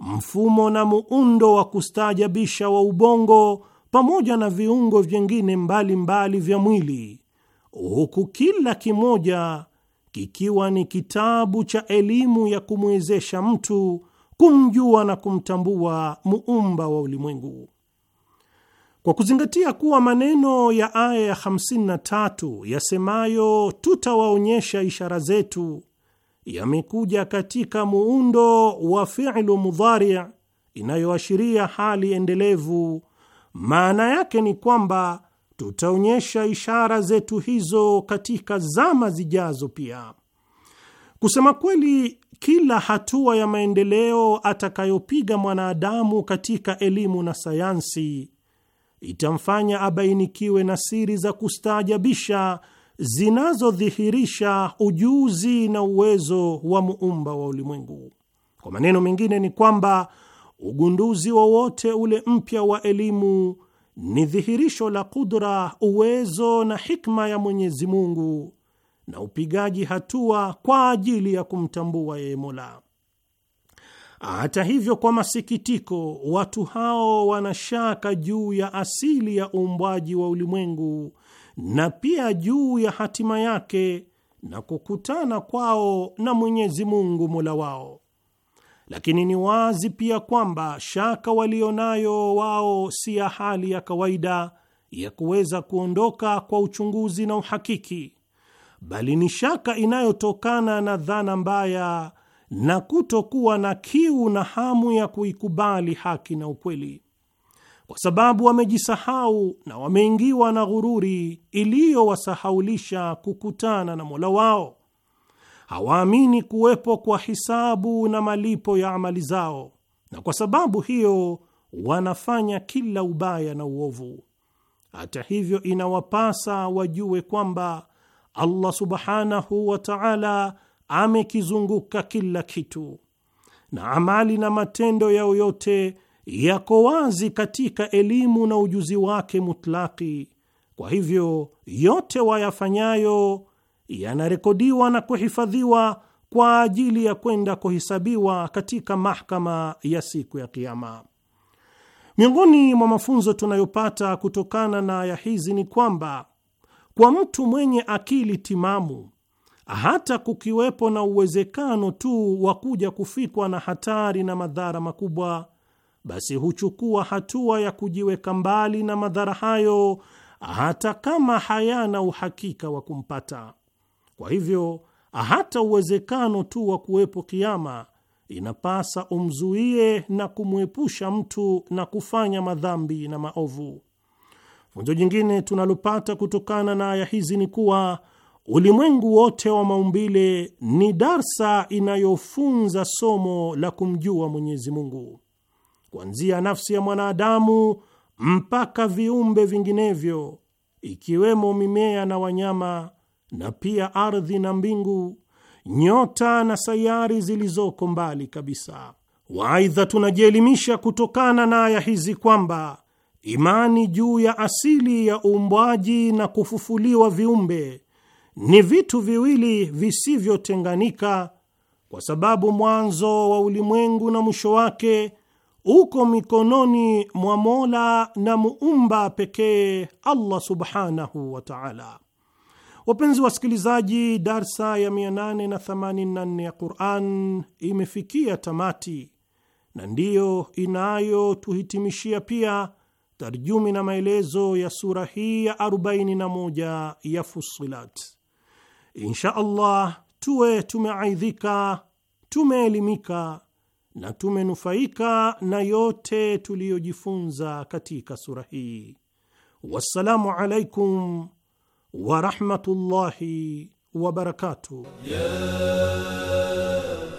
[SPEAKER 2] mfumo na muundo wa kustaajabisha wa ubongo pamoja na viungo vyengine mbalimbali vya mwili, huku kila kimoja kikiwa ni kitabu cha elimu ya kumwezesha mtu kumjua na kumtambua muumba wa ulimwengu. Kwa kuzingatia kuwa maneno ya aya ya 53 yasemayo tutawaonyesha ishara zetu yamekuja katika muundo wa fi'lu mudhari' inayoashiria hali endelevu, maana yake ni kwamba tutaonyesha ishara zetu hizo katika zama zijazo pia. Kusema kweli, kila hatua ya maendeleo atakayopiga mwanadamu katika elimu na sayansi itamfanya abainikiwe na siri za kustaajabisha zinazodhihirisha ujuzi na uwezo wa muumba wa ulimwengu. Kwa maneno mengine, ni kwamba ugunduzi wowote ule mpya wa elimu ni dhihirisho la kudra, uwezo na hikma ya Mwenyezi Mungu na upigaji hatua kwa ajili ya kumtambua yeye Mola. Hata hivyo, kwa masikitiko, watu hao wanashaka juu ya asili ya uumbwaji wa ulimwengu na pia juu ya hatima yake na kukutana kwao na Mwenyezi Mungu Mola wao. Lakini ni wazi pia kwamba shaka nayo wao si ya hali ya kawaida ya kuweza kuondoka kwa uchunguzi na uhakiki bali ni shaka inayotokana na dhana mbaya na kutokuwa na kiu na hamu ya kuikubali haki na ukweli, kwa sababu wamejisahau na wameingiwa na ghururi iliyowasahaulisha kukutana na Mola wao. Hawaamini kuwepo kwa hisabu na malipo ya amali zao, na kwa sababu hiyo wanafanya kila ubaya na uovu. Hata hivyo, inawapasa wajue kwamba Allah subhanahu wa ta'ala amekizunguka kila kitu, na amali na matendo yao yote yako wazi katika elimu na ujuzi wake mutlaki. Kwa hivyo yote wayafanyayo yanarekodiwa na kuhifadhiwa kwa ajili ya kwenda kuhesabiwa katika mahakama ya siku ya Kiyama. Miongoni mwa mafunzo tunayopata kutokana na aya hizi ni kwamba kwa mtu mwenye akili timamu, hata kukiwepo na uwezekano tu wa kuja kufikwa na hatari na madhara makubwa, basi huchukua hatua ya kujiweka mbali na madhara hayo, hata kama hayana uhakika wa kumpata. Kwa hivyo hata uwezekano tu wa kuwepo kiama inapasa umzuie na kumwepusha mtu na kufanya madhambi na maovu. Funzo jingine tunalopata kutokana na aya hizi ni kuwa ulimwengu wote wa maumbile ni darsa inayofunza somo la kumjua Mwenyezi Mungu, kuanzia nafsi ya mwanadamu mpaka viumbe vinginevyo, ikiwemo mimea na wanyama, na pia ardhi na mbingu, nyota na sayari zilizoko mbali kabisa. Waaidha, tunajielimisha kutokana na aya hizi kwamba imani juu ya asili ya uumbwaji na kufufuliwa viumbe ni vitu viwili visivyotenganika, kwa sababu mwanzo wa ulimwengu na mwisho wake uko mikononi mwa Mola na muumba pekee, Allah subhanahu wa taala. Wapenzi wasikilizaji, darsa ya 884 ya Quran imefikia tamati na ndiyo inayotuhitimishia pia tarjumi na maelezo ya sura hii ya 41 ya Fussilat. Insha Allah tuwe tumeaidhika, tumeelimika na tumenufaika na yote tuliyojifunza katika sura hii. Wassalamu alaikum wa rahmatullahi wa barakatuh. Ya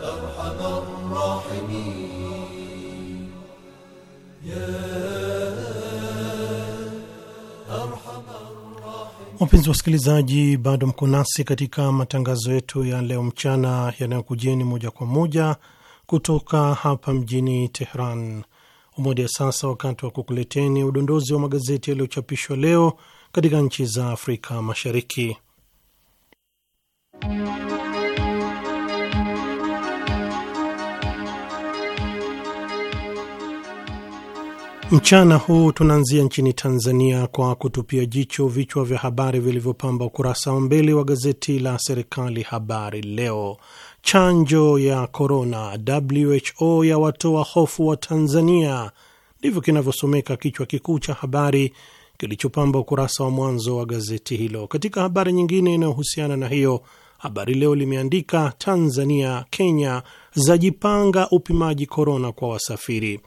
[SPEAKER 5] arhamar rahimin. Ya
[SPEAKER 2] Wapenzi wasikilizaji, bado mko nasi katika matangazo yetu ya leo mchana yanayokujeni moja kwa moja kutoka hapa mjini Tehran. Umoja sasa, wakati wa kukuleteni udondozi wa magazeti yaliyochapishwa leo katika nchi za Afrika Mashariki. Mchana huu tunaanzia nchini Tanzania kwa kutupia jicho vichwa vya habari vilivyopamba ukurasa wa mbele wa gazeti la serikali Habari Leo. Chanjo ya korona, WHO yawatoa wa hofu wa Tanzania, ndivyo kinavyosomeka kichwa kikuu cha habari kilichopamba ukurasa wa mwanzo wa gazeti hilo. Katika habari nyingine inayohusiana na hiyo, Habari Leo limeandika Tanzania, Kenya zajipanga upimaji korona kwa wasafiri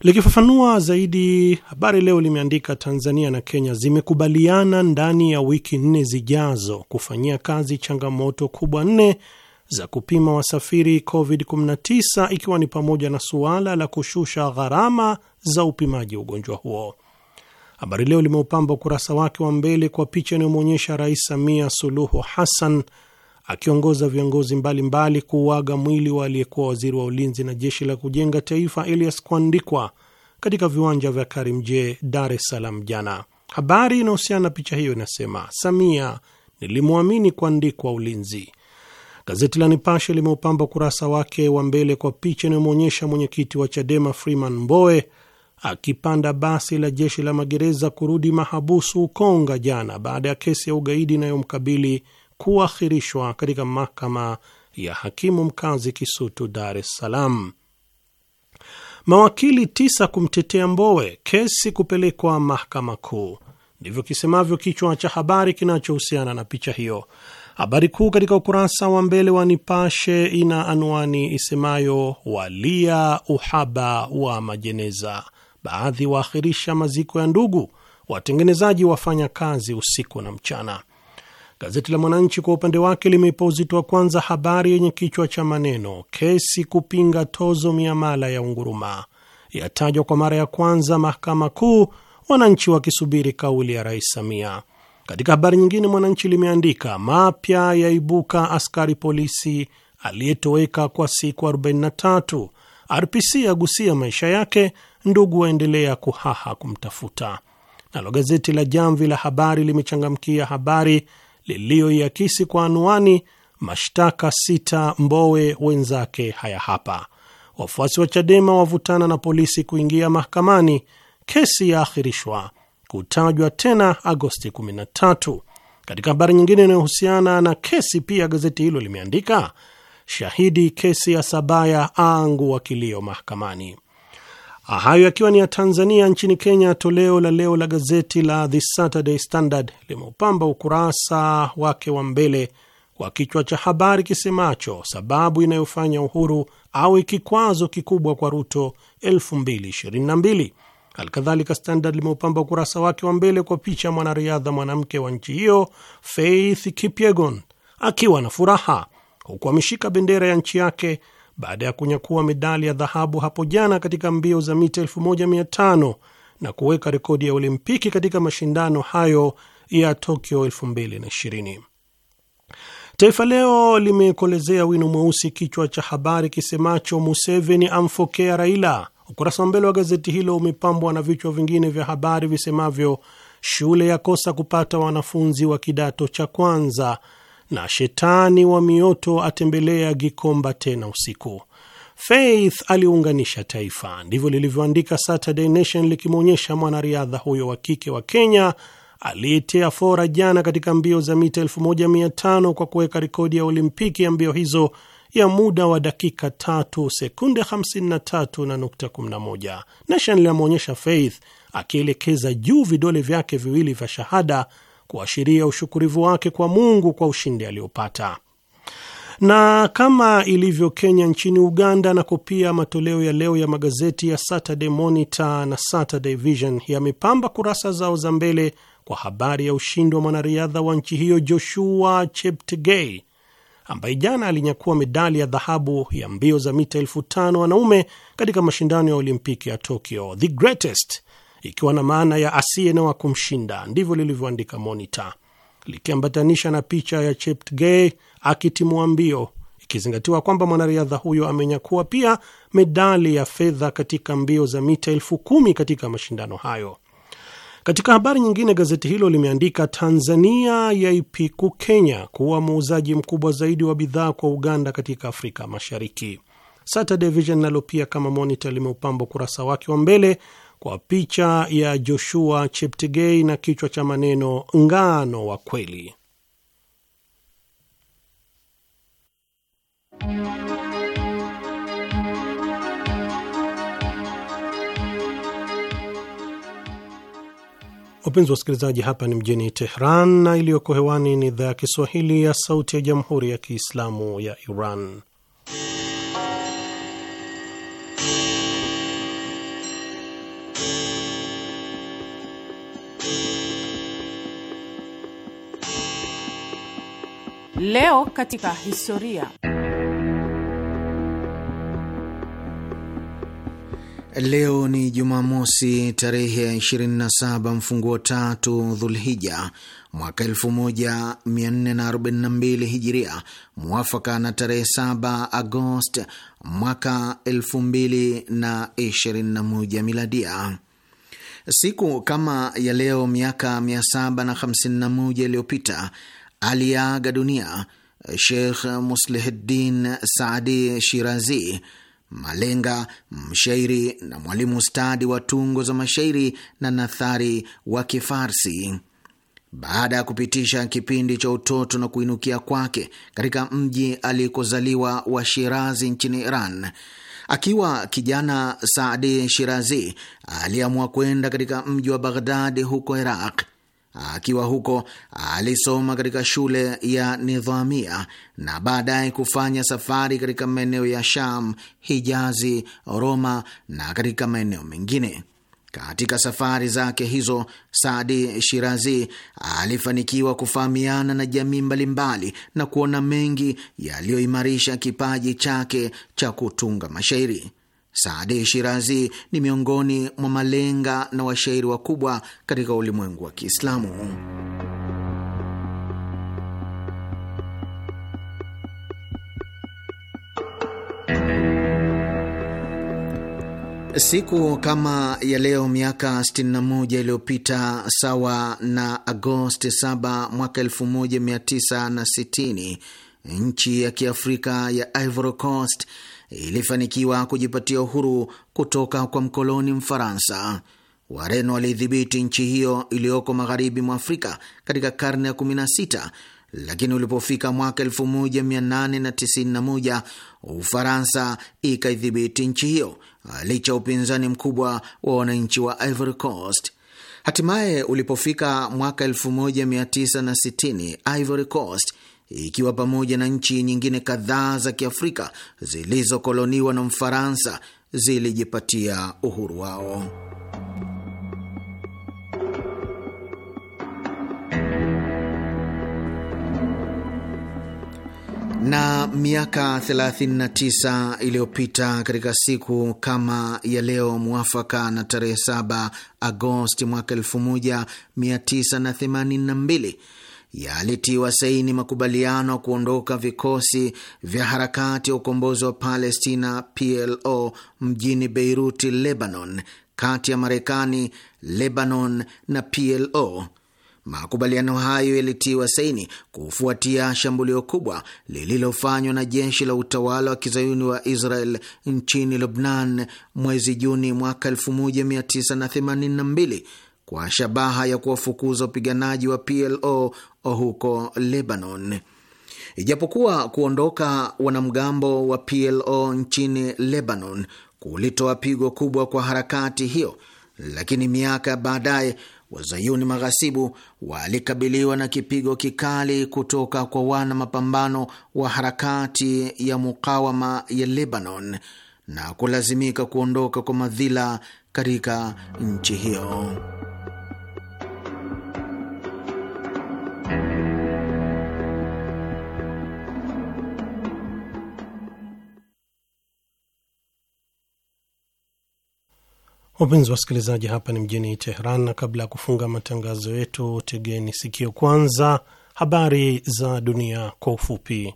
[SPEAKER 2] Likifafanua zaidi, Habari Leo limeandika Tanzania na Kenya zimekubaliana ndani ya wiki nne zijazo kufanyia kazi changamoto kubwa nne za kupima wasafiri COVID-19 ikiwa ni pamoja na suala la kushusha gharama za upimaji ugonjwa huo. Habari Leo limeupamba ukurasa wake wa mbele kwa picha inayomwonyesha Rais Samia Suluhu Hassan akiongoza viongozi mbalimbali kuuaga mwili wa aliyekuwa waziri wa ulinzi na jeshi la kujenga taifa Elias Kwandikwa katika viwanja vya Karimjee, Dar es Salaam jana. Habari inahusiana na picha hiyo inasema, Samia nilimwamini Kwandikwa ulinzi. Gazeti la Nipashe limeupamba ukurasa wake wa mbele kwa picha inayomwonyesha mwenyekiti wa Chadema Freeman Mbowe akipanda basi la jeshi la magereza kurudi mahabusu Ukonga jana baada ya kesi ya ugaidi inayomkabili kuahirishwa katika mahakama ya hakimu mkazi Kisutu, Dar es Salaam. Mawakili tisa kumtetea Mbowe, kesi kupelekwa mahakama kuu. Ndivyo kisemavyo kichwa cha habari kinachohusiana na picha hiyo. Habari kuu katika ukurasa wa mbele wa Nipashe ina anwani isemayo walia uhaba wa majeneza, baadhi waahirisha maziko ya ndugu, watengenezaji wafanya kazi usiku na mchana. Gazeti la Mwananchi kwa upande wake limeipa uzito wa kwanza habari yenye kichwa cha maneno kesi kupinga tozo miamala ya unguruma yatajwa kwa mara ya kwanza mahakama kuu, wananchi wakisubiri kauli ya Rais Samia. Katika habari nyingine, Mwananchi limeandika mapya yaibuka, askari polisi aliyetoweka kwa siku 43, RPC agusia maisha yake, ndugu waendelea kuhaha kumtafuta. Nalo gazeti la Jamvi la Habari limechangamkia habari liliyoiakisi kwa anwani mashtaka sita Mbowe wenzake haya hapa. Wafuasi wa Chadema wavutana na polisi kuingia mahakamani, kesi yaahirishwa kutajwa tena Agosti 13. Katika habari nyingine inayohusiana na kesi pia, gazeti hilo limeandika shahidi kesi ya Sabaya aangu wakilio mahakamani. Hayo yakiwa ni ya Tanzania. Nchini Kenya, toleo la leo la gazeti la The Saturday Standard limeupamba ukurasa wake wa mbele kwa kichwa cha habari kisemacho sababu inayofanya Uhuru awe kikwazo kikubwa kwa Ruto 2022. Halikadhalika, Standard limeupamba ukurasa wake wa mbele kwa picha mwanariadha mwanamke wa nchi hiyo Faith Kipyegon akiwa na furaha huku ameshika bendera ya nchi yake baada ya kunyakua medali ya dhahabu hapo jana katika mbio za mita 1500 na kuweka rekodi ya Olimpiki katika mashindano hayo ya Tokyo 2020. Taifa Leo limekolezea wino mweusi kichwa cha habari kisemacho Museveni amfokea Raila. Ukurasa wa mbele wa gazeti hilo umepambwa na vichwa vingine vya habari visemavyo shule yakosa kupata wanafunzi wa kidato cha kwanza na shetani wa mioto atembelea Gikomba tena usiku. Faith aliunganisha taifa, ndivyo lilivyoandika Saturday Nation likimwonyesha mwanariadha huyo wa kike wa Kenya aliyetea fora jana katika mbio za mita 1500 kwa kuweka rekodi ya Olimpiki ya mbio hizo ya muda wa dakika 3 sekunde 53 na nukta 11. Nation linamwonyesha Faith akielekeza juu vidole vyake viwili vya shahada kuashiria ushukurivu wake kwa Mungu kwa ushindi aliopata. Na kama ilivyo Kenya, nchini Uganda nako pia matoleo ya leo ya magazeti ya Saturday Monitor na Saturday Vision yamepamba kurasa zao za mbele kwa habari ya ushindi wa mwanariadha wa nchi hiyo Joshua Cheptegei ambaye jana alinyakua medali ya dhahabu ya mbio za mita elfu tano wanaume katika mashindano ya Olimpiki ya Tokyo, the greatest ikiwa na maana ya asiye na wa kumshinda, ndivyo lilivyoandika Monitor, likiambatanisha na picha ya Cheptegei akitimua mbio, ikizingatiwa kwamba mwanariadha huyo amenyakua pia medali ya fedha katika mbio za mita elfu kumi katika mashindano hayo. Katika habari nyingine, gazeti hilo limeandika Tanzania yaipiku Kenya kuwa muuzaji mkubwa zaidi wa bidhaa kwa Uganda katika Afrika Mashariki. Saturday Vision nalo pia kama Monitor limeupamba ukurasa wake wa mbele kwa picha ya Joshua Cheptegei na kichwa cha maneno ngano wa kweli. Wapenzi wa wasikilizaji, hapa ni mjini Tehran na iliyoko hewani ni idhaa ya Kiswahili ya Sauti ya Jamhuri ya Kiislamu ya Iran.
[SPEAKER 1] Leo katika historia.
[SPEAKER 6] Leo ni Jumamosi tarehe ya 27 mfunguo tatu Dhulhija mwaka 1442 Hijiria, mwafaka na tarehe 7 Agosti mwaka 2021 Miladia. Siku kama ya leo miaka 751 iliyopita aliyeaga dunia Sheikh Muslihuddin Saadi Shirazi, malenga mshairi na mwalimu stadi wa tungo za mashairi na nathari wa Kifarsi. Baada ya kupitisha kipindi cha utoto na kuinukia kwake katika mji alikozaliwa wa Shirazi nchini Iran, akiwa kijana Saadi Shirazi aliamua kwenda katika mji wa Baghdadi huko Iraq Akiwa huko alisoma katika shule ya Nidhamia na baadaye kufanya safari katika maeneo ya Sham, Hijazi, Roma na katika maeneo mengine. Katika safari zake hizo, sadi Shirazi alifanikiwa kufahamiana na jamii mbalimbali na kuona mengi yaliyoimarisha kipaji chake cha kutunga mashairi. Saadi Shirazi ni miongoni mwa malenga na washairi wakubwa katika ulimwengu wa Kiislamu. Siku kama ya leo miaka 61 iliyopita sawa na Agosti 7 mwaka 1960, nchi ya Kiafrika ya Ivory Coast ilifanikiwa kujipatia uhuru kutoka kwa mkoloni Mfaransa. Wareno walidhibiti nchi hiyo iliyoko magharibi mwa Afrika katika karne ya 16, lakini ulipofika mwaka 1891 Ufaransa ikaidhibiti nchi hiyo licha upinzani mkubwa wa wananchi wa Ivory Coast. Hatimaye ulipofika mwaka 1960 Ivory Coast ikiwa pamoja na nchi nyingine kadhaa za Kiafrika zilizokoloniwa na Mfaransa zilijipatia uhuru wao. Na miaka 39 iliyopita katika siku kama ya leo, mwafaka na tarehe 7 Agosti mwaka 1982 yalitiwa saini makubaliano ya kuondoka vikosi vya harakati ya ukombozi wa Palestina PLO mjini Beiruti, Lebanon, kati ya Marekani, Lebanon na PLO. Makubaliano hayo yalitiwa saini kufuatia shambulio kubwa lililofanywa na jeshi la utawala wa kizayuni wa Israel nchini Lubnan mwezi Juni mwaka 1982 kwa shabaha ya kuwafukuza wapiganaji wa PLO huko Lebanon. Ijapokuwa kuondoka wanamgambo wa PLO nchini Lebanon kulitoa pigo kubwa kwa harakati hiyo, lakini miaka baadaye wazayuni maghasibu walikabiliwa na kipigo kikali kutoka kwa wana mapambano wa harakati ya mukawama ya Lebanon na kulazimika kuondoka kwa madhila katika nchi hiyo.
[SPEAKER 2] Wapenzi wasikilizaji, hapa ni mjini Teheran, na kabla ya kufunga matangazo yetu, tegeni sikio kwanza habari za dunia kwa ufupi.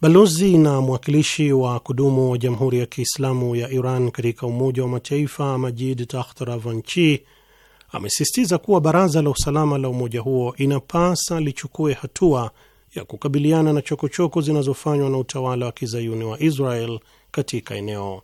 [SPEAKER 2] Balozi na mwakilishi wa kudumu wa Jamhuri ya Kiislamu ya Iran katika Umoja wa Mataifa Majid Tahtaravanchi amesisitiza kuwa Baraza la Usalama la umoja huo inapasa lichukue hatua ya kukabiliana na chokochoko zinazofanywa na utawala wa kizayuni wa Israel katika eneo.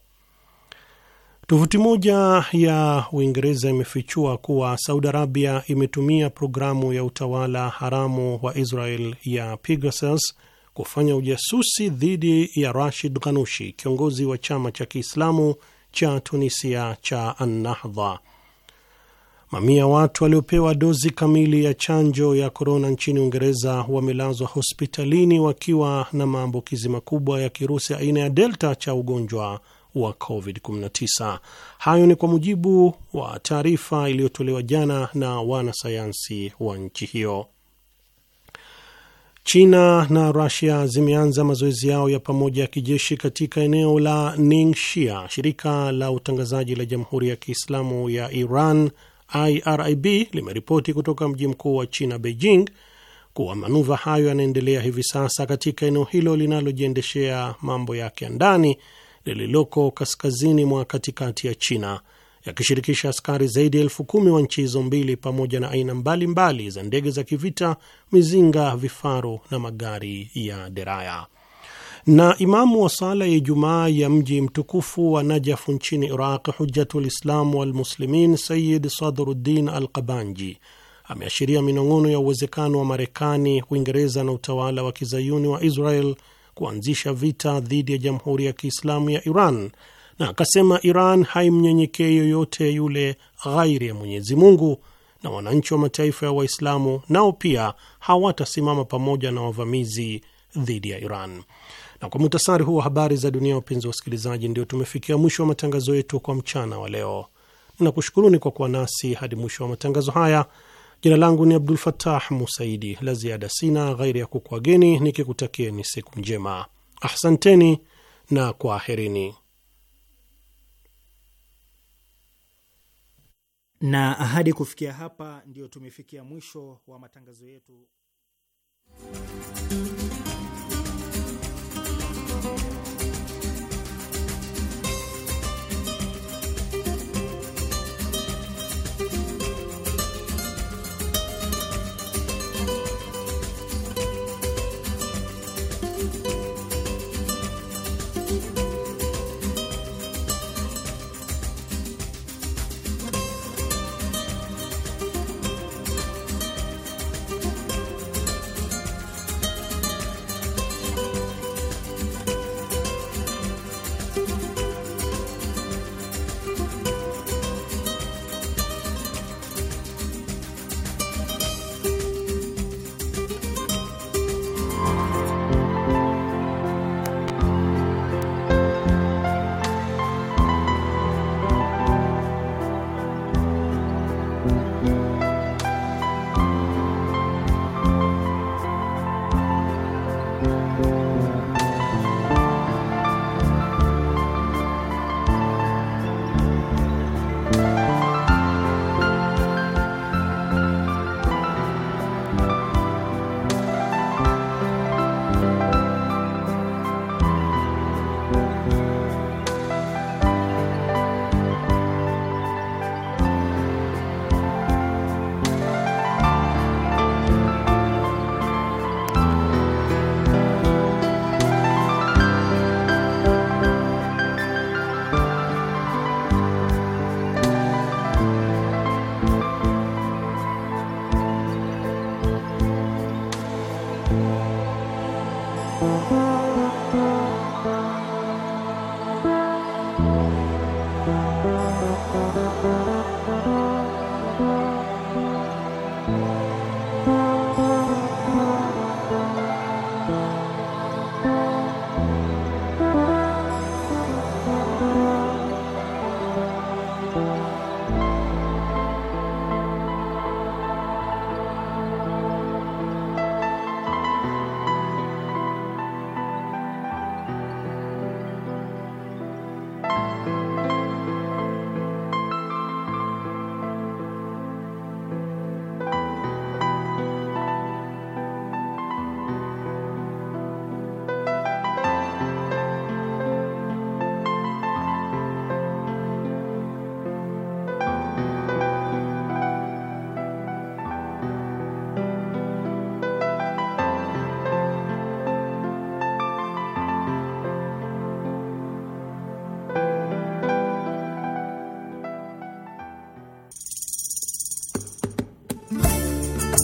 [SPEAKER 2] Tovuti moja ya Uingereza imefichua kuwa Saudi Arabia imetumia programu ya utawala haramu wa Israel ya Pegasus kufanya ujasusi dhidi ya Rashid Ghanushi, kiongozi wa chama cha Kiislamu cha Tunisia cha Annahdha. Mamia watu waliopewa dozi kamili ya chanjo ya korona nchini Uingereza wamelazwa hospitalini wakiwa na maambukizi makubwa ya kirusi aina ya delta cha ugonjwa wa COVID-19. Hayo ni kwa mujibu wa taarifa iliyotolewa jana na wanasayansi wa nchi hiyo. China na Rusia zimeanza mazoezi yao ya pamoja ya kijeshi katika eneo la Ningxia. Shirika la utangazaji la Jamhuri ya Kiislamu ya Iran IRIB limeripoti kutoka mji mkuu wa China, Beijing, kuwa manuva hayo yanaendelea hivi sasa katika eneo hilo linalojiendeshea mambo yake ya ndani lililoko kaskazini mwa katikati ya China yakishirikisha askari zaidi ya elfu kumi wa nchi hizo mbili pamoja na aina mbalimbali za ndege za kivita, mizinga, vifaru na magari ya deraya. Na imamu wa sala ya Ijumaa ya mji mtukufu wa Najafu nchini Iraq, Hujjatul Islam Walmuslimin Sayid Sadruddin Al Qabanji ameashiria minong'ono ya uwezekano wa Marekani, Uingereza na utawala wa kizayuni wa Israel kuanzisha vita dhidi ya Jamhuri ya Kiislamu ya Iran na akasema Iran haimnyenyekee yoyote yule ghairi ya Mwenyezi Mungu, na wananchi wa mataifa ya Waislamu nao pia hawatasimama pamoja na wavamizi dhidi ya Iran. Na kwa muhtasari huu wa habari za dunia, wapenzi wa wasikilizaji, ndio tumefikia mwisho wa matangazo yetu kwa mchana wa leo. Ninakushukuruni kwa kuwa nasi hadi mwisho wa matangazo haya Jina langu ni Abdul Fatah Musaidi. La ziada sina ghairi ya kukwageni nikikutakieni siku njema. Ahsanteni na kwaherini. Na ahadi.
[SPEAKER 3] Kufikia hapa, ndio tumefikia mwisho wa matangazo yetu.